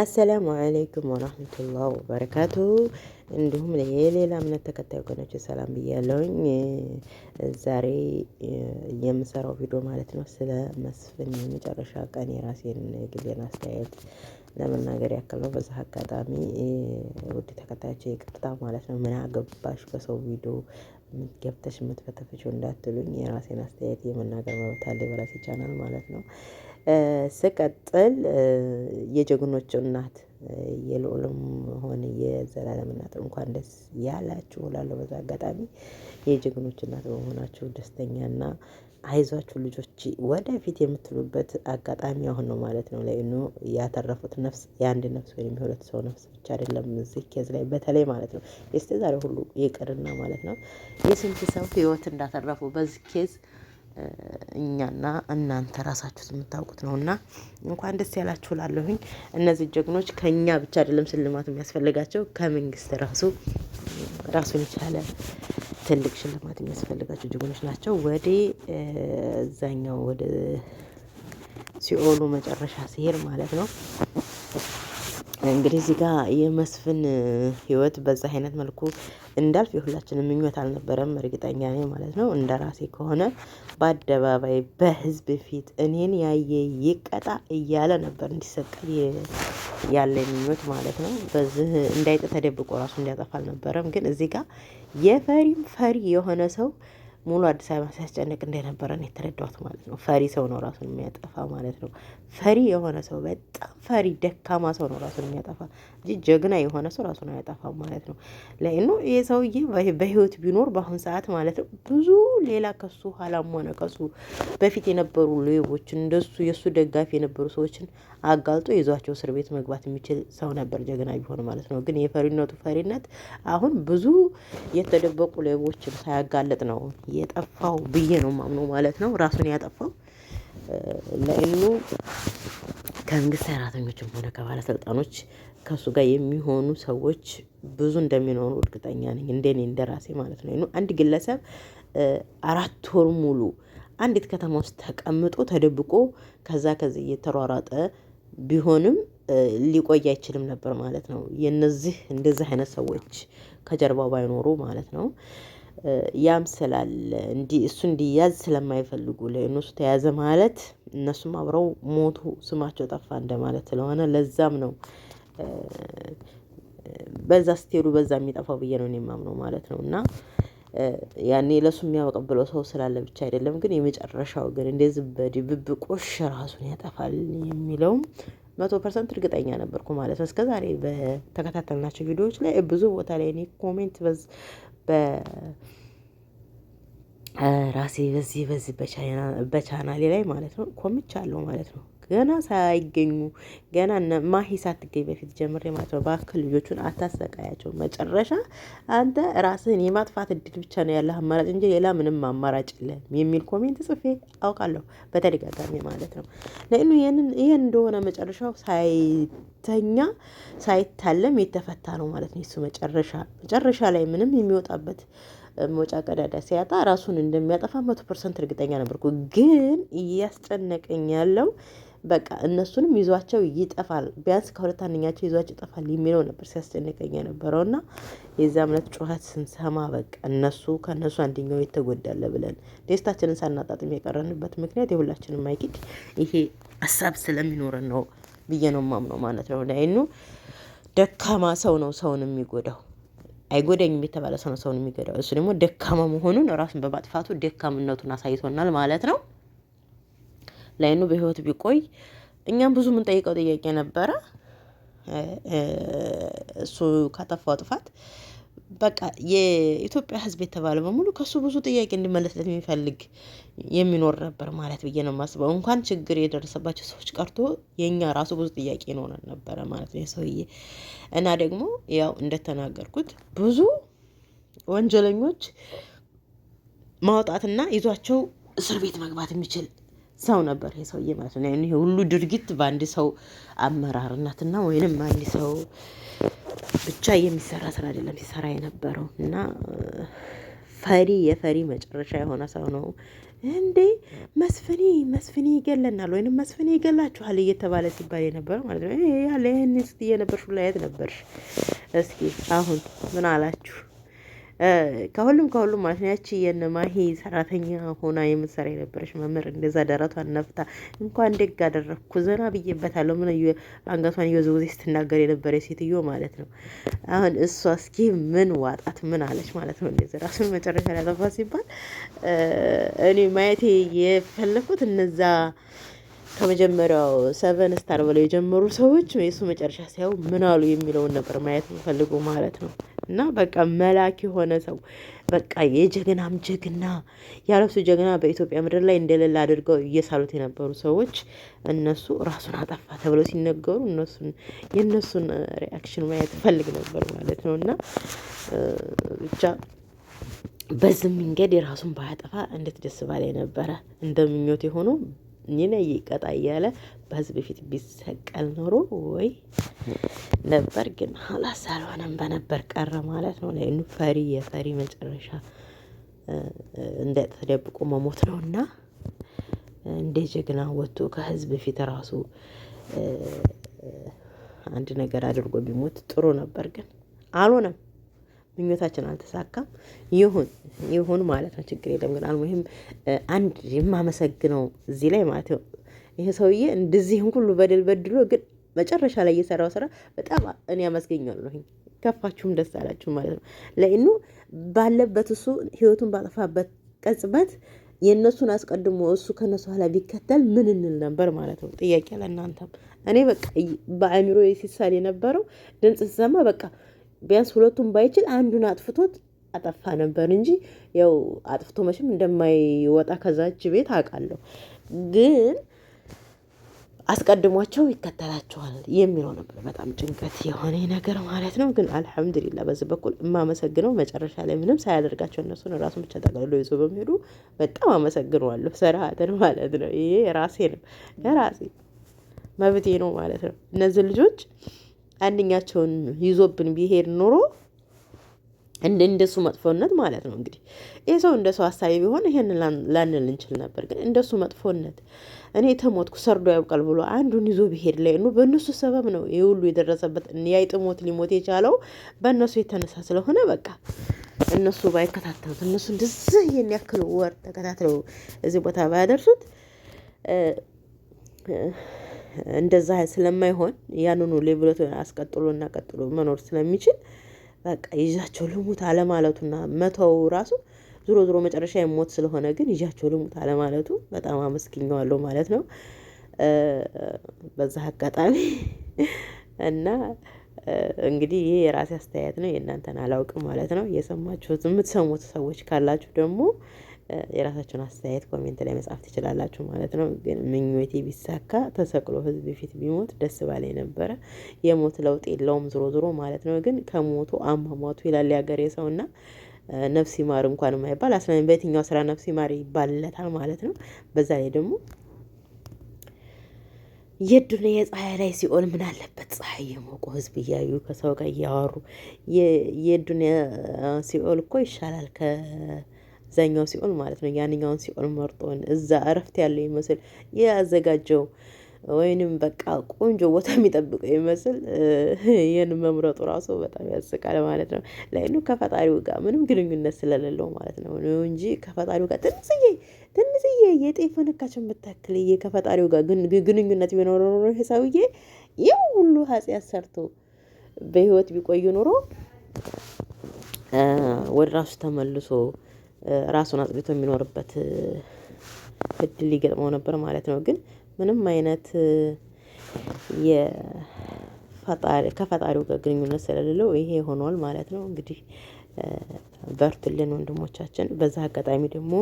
አሰላሙ አለይኩም ወራህመቱላህ ወበረካቱ። እንዲሁም የሌላ እምነት ተከታይ ወገኖች ሰላም ብያለውኝ። ዛሬ የምሰራው ቪዲዮ ማለት ነው ስለ መስፍን የመጨረሻ ቀን የራሴን የግሌን አስተያየት ለመናገር ያክል ነው። በዚህ አጋጣሚ ውድ ተከታዮች ይቅርታ ማለት ነው። ምን አገባሽ በሰው ቪዲዮ ገብተሽ የምትፈተፈችው እንዳትሉኝ፣ የራሴን አስተያየት የመናገር መብት አለኝ በራሴ ቻናል ማለት ነው። ስቀጥል የጀግኖች እናት የልዑልም ሆነ የዘላለም እናት እንኳን ደስ ያላችሁ እላለሁ። በዛ አጋጣሚ የጀግኖች እናት በመሆናችሁ ደስተኛና አይዟችሁ ልጆች ወደፊት የምትሉበት አጋጣሚ አሁን ነው ማለት ነው። ላይ ያተረፉት ነፍስ የአንድ ነፍስ ወይም የሁለት ሰው ነፍስ ብቻ አይደለም። እዚህ ኬዝ ላይ በተለይ ማለት ነው የስተ ዛሬ ሁሉ ይቅርና ማለት ነው የስንት ሰው ህይወት እንዳተረፉ በዚህ ኬዝ እኛና እናንተ ራሳችሁ የምታውቁት ነው። እና እንኳን ደስ ያላችሁ ላለሁኝ እነዚህ ጀግኖች ከኛ ብቻ አይደለም ሽልማት የሚያስፈልጋቸው ከመንግስት ራሱ ራሱን የቻለ ትልቅ ሽልማት የሚያስፈልጋቸው ጀግኖች ናቸው። ወደ እዛኛው ወደ ሲኦሉ መጨረሻ ሲሄድ ማለት ነው እንግዲህ እዚህ ጋር የመስፍን ህይወት በዛ አይነት መልኩ እንዳልፍ የሁላችንም ምኞት አልነበረም፣ እርግጠኛ ነኝ ማለት ነው። እንደ ራሴ ከሆነ በአደባባይ በህዝብ ፊት እኔን ያየ ይቀጣ እያለ ነበር እንዲሰቀል ያለ ምኞት ማለት ነው። በዚህ እንዳይጠ ተደብቆ ራሱ እንዲያጠፋ አልነበረም። ግን እዚህ ጋር የፈሪም ፈሪ የሆነ ሰው ሙሉ አዲስ አበባ ሲያስጨንቅ እንደነበረን የተረዳሁት ማለት ነው። ፈሪ ሰው ነው ራሱን የሚያጠፋ ማለት ነው። ፈሪ የሆነ ሰው በጣም ፈሪ ደካማ ሰው ነው ራሱን የሚያጠፋ እንጂ ጀግና የሆነ ሰው ራሱን አያጠፋ ማለት ነው። ለእኑ ይህ ሰውዬ በህይወት ቢኖር በአሁን ሰዓት ማለት ነው ብዙ ሌላ ከሱ ኋላም ሆነ ከሱ በፊት የነበሩ ሌቦችን እንደሱ የእሱ ደጋፊ የነበሩ ሰዎችን አጋልጦ ይዟቸው እስር ቤት መግባት የሚችል ሰው ነበር፣ ጀግና ቢሆን ማለት ነው። ግን የፈሪነቱ ፈሪነት አሁን ብዙ የተደበቁ ሌቦችን ሳያጋለጥ ነው የጠፋው ብዬ ነው ማምኖ ማለት ነው። ራሱን ያጠፋው ለእኑ ከመንግስት ሰራተኞችም ሆነ ከባለስልጣኖች ከእሱ ጋር የሚሆኑ ሰዎች ብዙ እንደሚኖሩ እርግጠኛ ነኝ፣ እንደኔ እንደራሴ ማለት ነው። አንድ ግለሰብ አራት ወር ሙሉ አንዲት ከተማ ውስጥ ተቀምጦ ተደብቆ ከዛ ከዚህ እየተሯሯጠ ቢሆንም ሊቆይ አይችልም ነበር ማለት ነው። የነዚህ እንደዚህ አይነት ሰዎች ከጀርባ ባይኖሩ ማለት ነው። ያም ስላለ እሱ እንዲያዝ ስለማይፈልጉ ለእነሱ ተያዘ ማለት እነሱም አብረው ሞቱ፣ ስማቸው ጠፋ እንደማለት ስለሆነ ለዛም ነው በዛ ስትሄዱ በዛ የሚጠፋው ብዬ ነው እኔ የማምነው ማለት ነው እና ያኔ ለሱ የሚያበቀብለው ሰው ስላለ ብቻ አይደለም። ግን የመጨረሻው ግን እንደዚህ በድብብቆሽ ራሱን ያጠፋል የሚለውም መቶ ፐርሰንት እርግጠኛ ነበርኩ ማለት ነው። እስከ ዛሬ በተከታተልናቸው ቪዲዮዎች ላይ ብዙ ቦታ ላይ እኔ ኮሜንት በራሴ በዚህ በዚህ በቻናሌ ላይ ማለት ነው ኮምቻለሁ ማለት ነው። ገና ሳይገኙ ገና ማሂ ሳትገኝ በፊት ጀምሬ ማለት ነው። እባክህ ልጆቹን አታሰቃያቸው። መጨረሻ አንተ ራስህን የማጥፋት እድል ብቻ ነው ያለህ አማራጭ እንጂ ሌላ ምንም አማራጭ የለህም የሚል ኮሜንት ጽፌ አውቃለሁ በተደጋጋሚ ማለት ነው። ለእኑ ይህን እንደሆነ መጨረሻው ሳይተኛ ሳይታለም የተፈታ ነው ማለት ነው። እሱ መጨረሻ መጨረሻ ላይ ምንም የሚወጣበት መውጫ ቀዳዳ ሲያጣ ራሱን እንደሚያጠፋ መቶ ፐርሰንት እርግጠኛ ነበርኩ። ግን እያስጨነቀኝ ያለው በቃ እነሱንም ይዟቸው ይጠፋል፣ ቢያንስ ከሁለት አንደኛቸው ይዟቸው ይጠፋል የሚለው ነበር ሲያስጨንቀኝ የነበረው እና የዛ እምነት ጩኸት ስንሰማ በቃ እነሱ ከእነሱ አንደኛው የተጎዳለ ብለን ደስታችንን ሳናጣጥም የቀረንበት ምክንያት የሁላችንም ማይኪድ ይሄ ሀሳብ ስለሚኖረን ነው ብዬ ነው ማምነው ማለት ነው። ላይኑ ደካማ ሰው ነው ሰውን የሚጎዳው አይጎዳኝም የተባለ ሰው ነው ሰውን የሚገዳው። እሱ ደግሞ ደካማ መሆኑን ራሱን በማጥፋቱ ደካምነቱን አሳይቶናል ማለት ነው። ላይኑ በህይወት ቢቆይ እኛም ብዙ የምንጠይቀው ጥያቄ ነበረ። እሱ ካጠፋው ጥፋት በቃ የኢትዮጵያ ህዝብ የተባለ በሙሉ ከሱ ብዙ ጥያቄ እንዲመለስለት የሚፈልግ የሚኖር ነበር ማለት ብዬ ነው የማስበው። እንኳን ችግር የደረሰባቸው ሰዎች ቀርቶ የእኛ ራሱ ብዙ ጥያቄ ይኖረን ነበረ ማለት ነው የሰውዬ እና ደግሞ ያው እንደተናገርኩት ብዙ ወንጀለኞች ማውጣትና ይዟቸው እስር ቤት መግባት የሚችል ሰው ነበር ይሄ ሰውዬ ማለት ነው። ይሄ ሁሉ ድርጊት በአንድ ሰው አመራርነትና ወይንም አንድ ሰው ብቻ የሚሰራ ስራ አይደለም ሲሰራ የነበረው እና ፈሪ የፈሪ መጨረሻ የሆነ ሰው ነው። እንዴ መስፍኔ መስፍኔ ይገለናል ወይንም መስፍኔ ይገላችኋል እየተባለ ሲባል የነበረ ማለት ነው። ያለ ይህን ስትዬ ነበርሽ ሁላ የት ነበርሽ? እስኪ አሁን ምን አላችሁ? ከሁሉም ከሁሉም ማለት ነው ያቺ የነማሂ ሰራተኛ ሆና የምትሰራ የነበረች መምህር እንደዛ ደረቷን ነፍታ እንኳን ደግ አደረግኩ ዘና ብዬበታለሁ ምን አንገቷን እየወዘወዜ ስትናገር የነበረ ሴትዮ ማለት ነው። አሁን እሷ እስኪ ምን ዋጣት ምን አለች ማለት ነው። እንደዚ ራሱን መጨረሻ ያጠፋ ሲባል እኔ ማየቴ የፈለኩት እነዛ ከመጀመሪያው ሰቨን ስታር ብለው የጀመሩ ሰዎች የእሱ መጨረሻ ሲያዩ ምን አሉ የሚለውን ነበር ማየት ፈልጉ ማለት ነው። እና በቃ መላክ የሆነ ሰው በቃ የጀግናም ጀግና የአረብሱ ጀግና በኢትዮጵያ ምድር ላይ እንደሌለ አድርገው እየሳሉት የነበሩ ሰዎች እነሱ ራሱን አጠፋ ተብለው ሲነገሩ እነሱን የእነሱን ሪያክሽን ማየት ፈልግ ነበር ማለት ነው እና ብቻ በዚህ መንገድ የራሱን ባያጠፋ እንዴት ደስ ባለ የነበረ እንደ ምኞት የሆኑ ይነ ይቀጣ እያለ በህዝብ ፊት ቢሰቀል ኖሮ ወይ ነበር፣ ግን ሀላስ አልሆነም። በነበር ቀረ ማለት ነው። ላይ ፈሪ የፈሪ መጨረሻ እንደ ተደብቆ መሞት ነው እና እንደ ጀግና ወጥቶ ከህዝብ ፊት ራሱ አንድ ነገር አድርጎ ቢሞት ጥሩ ነበር፣ ግን አልሆነም። ምኞታችን አልተሳካም። ይሁን ይሁን ማለት ነው፣ ችግር የለም። ግን አልሙሂም አንድ የማመሰግነው እዚህ ላይ ማለት ነው ይሄ ሰውዬ እንደዚህም ሁሉ በደል በድሎ ግን መጨረሻ ላይ የሰራው ስራ በጣም እኔ አመስገኛለሁ። ከፋችሁም ደስ አላችሁ ማለት ነው። ለእኑ ባለበት እሱ ህይወቱን ባጠፋበት ቀጽበት የእነሱን አስቀድሞ እሱ ከነሱ ኋላ ቢከተል ምን እንል ነበር ማለት ነው። ጥያቄ ለእናንተም። እኔ በቃ በአእምሮ ሲሳል የነበረው ድምፅ ሲሰማ በቃ ቢያንስ ሁለቱም ባይችል አንዱን አጥፍቶት አጠፋ ነበር እንጂ ያው አጥፍቶ መቼም እንደማይወጣ ከዛች ቤት አውቃለሁ ግን አስቀድሟቸው ይከተላቸዋል የሚለው ነበር። በጣም ጭንቀት የሆነ ነገር ማለት ነው። ግን አልሐምዱሊላ በዚህ በኩል የማመሰግነው መጨረሻ ላይ ምንም ሳያደርጋቸው እነሱን ራሱን ብቻ ጠቅልሎ ይዞ በሚሄዱ በጣም አመሰግነዋለሁ። ስርዓትን ማለት ነው። ይሄ ራሴ ነው ራሴ መብቴ ነው ማለት ነው። እነዚህ ልጆች አንደኛቸውን ይዞብን ቢሄድ ኑሮ እንደ እንደሱ መጥፎነት ማለት ነው እንግዲህ ይህ ሰው እንደ ሰው አሳቢ ቢሆን ይሄን ላንል እንችል ነበር። ግን እንደሱ መጥፎነት እኔ ተሞትኩ ሰርዶ ያውቃል ብሎ አንዱን ይዞ ቢሄድ ላይ ነው። በእነሱ ሰበብ ነው ይህ ሁሉ የደረሰበት። ያይጥ ሞት ሊሞት የቻለው በእነሱ የተነሳ ስለሆነ በቃ እነሱ ባይከታተሉት እነሱ እንደዚህ ይህን ያክል ወር ተከታትለው እዚህ ቦታ ባያደርሱት እንደዛ ስለማይሆን ያንኑ ሌብሎት አስቀጥሎ እና ቀጥሎ መኖር ስለሚችል በቃ ይዣቸው ልሙት አለማለቱና መተው ራሱ ዞሮ ዞሮ መጨረሻ የሞት ስለሆነ ግን ይዣቸው ልሙት አለማለቱ በጣም አመስግኘዋለሁ ማለት ነው። በዛ አጋጣሚ እና እንግዲህ ይህ የራሴ አስተያየት ነው። የእናንተን አላውቅም ማለት ነው። የሰማችሁት የምትሰሙት ሰዎች ካላችሁ ደግሞ የራሳችሁን አስተያየት ኮሜንት ላይ መጻፍ ትችላላችሁ ማለት ነው። ግን ምኞቴ ቢሳካ ተሰቅሎ ህዝብ ፊት ቢሞት ደስ ባለ ነበረ። የሞት ለውጥ የለውም ዝሮ ዝሮ ማለት ነው። ግን ከሞቱ አሟሟቱ ይላል ያገሬ ሰው እና ነፍስ ይማር እንኳን የማይባል አስለ በየትኛው ስራ ነፍስ ይማር ይባልለታል ማለት ነው። በዛ ላይ ደግሞ የዱንያ የፀሐይ ላይ ሲኦል ምን አለበት? ፀሐይ የሞቁ ህዝብ እያዩ ከሰው ጋር እያወሩ የዱንያ ሲኦል እኮ ይሻላል። እዛኛው ሲኦል ማለት ነው። ያንኛውን ሲኦል መርጦን እዛ እረፍት ያለው ይመስል ያዘጋጀው ወይንም በቃ ቆንጆ ቦታ የሚጠብቀው ይመስል ይህን መምረጡ ራሱ በጣም ያስቃል ማለት ነው። ላይኑ ከፈጣሪው ጋር ምንም ግንኙነት ስለሌለው ማለት ነው እንጂ ከፈጣሪው ጋር ትንስዬ ትንስዬ የጤፍ ነካችን ብታክል ከፈጣሪው ጋር ግንኙነት ቢኖረ ኖሮ ይሄ ሰውዬ ይህ ሁሉ ኃጢአት ሰርቶ በህይወት ቢቆዩ ኑሮ ወደ ራሱ ተመልሶ ራሱን አጽድቶ የሚኖርበት እድል ሊገጥመው ነበር ማለት ነው። ግን ምንም አይነት ከፈጣሪው ጋር ግንኙነት ስለሌለው ይሄ ሆኗል ማለት ነው። እንግዲህ በርቱልን ወንድሞቻችን። በዛ አጋጣሚ ደግሞ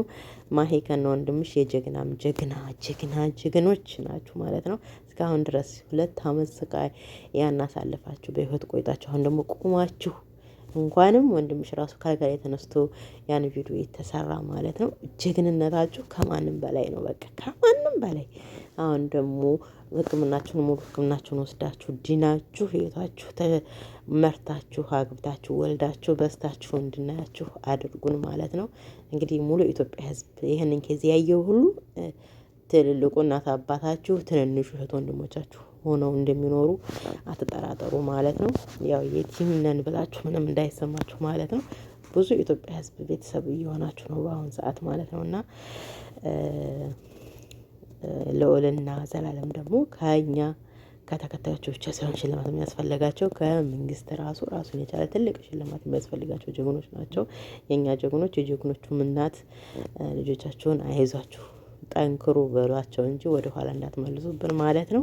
ማሄ ከነ ወንድምሽ የጀግናም ጀግና ጀግና ጀግኖች ናችሁ ማለት ነው። እስካሁን ድረስ ሁለት አመት ስቃይ ያናሳልፋችሁ በህይወት ቆይታችሁ አሁን ደግሞ ቁማችሁ እንኳንም ወንድምሽ ራሱ ከገሬ ተነስቶ ያን ቪዲዮ የተሰራ ማለት ነው። ጀግንነታችሁ ከማንም በላይ ነው። በቃ ከማንም በላይ አሁን ደግሞ ሕክምናችሁን ሙሉ ሕክምናችሁን ወስዳችሁ ድናችሁ ህይወታችሁ ተመርታችሁ አግብታችሁ ወልዳችሁ በስታችሁ እንድናያችሁ አድርጉን ማለት ነው። እንግዲህ ሙሉ ኢትዮጵያ ሕዝብ ይህንን ኬዝ ያየው ሁሉ ትልልቁ እናት አባታችሁ፣ ትንንሹ እህት ወንድሞቻችሁ ሆነው እንደሚኖሩ አትጠራጠሩ ማለት ነው። ያው የቲም ነን ብላችሁ ምንም እንዳይሰማችሁ ማለት ነው። ብዙ የኢትዮጵያ ሕዝብ ቤተሰብ እየሆናችሁ ነው በአሁን ሰዓት ማለት ነው እና ልዑልና ዘላለም ደግሞ ከኛ ከተከታዮቹ ብቻ ሳይሆን ሽልማት የሚያስፈልጋቸው ከመንግስት ራሱ ራሱን የቻለ ትልቅ ሽልማት የሚያስፈልጋቸው ጀግኖች ናቸው። የእኛ ጀግኖች የጀግኖቹም እናት ልጆቻቸውን አይዟችሁ ጠንክሩ በሏቸው እንጂ ወደኋላ እንዳትመልሱብን ማለት ነው።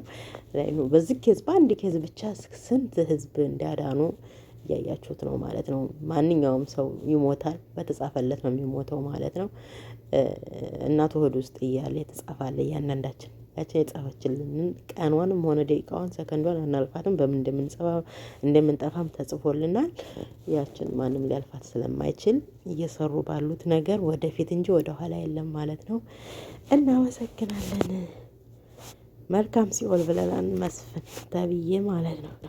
በዚህ ኬዝ በአንድ ኬዝ ብቻ ስንት ህዝብ እንዳዳኑ እያያችሁት ነው ማለት ነው። ማንኛውም ሰው ይሞታል፣ በተጻፈለት ነው የሚሞተው ማለት ነው። እናቱ ሆድ ውስጥ እያለ የተጻፋለ እያንዳንዳችን ያቸው የጻፈችልንን ቀኗንም ሆነ ደቂቃዋን ሰከንዷን አናልፋትም። በምን እንደምንጠፋም ተጽፎልናል። ያችን ማንም ሊያልፋት ስለማይችል እየሰሩ ባሉት ነገር ወደፊት እንጂ ወደኋላ የለም ማለት ነው። እናመሰግናለን። መልካም ሲኦል ብለላን መስፍን ተብዬ ማለት ነው።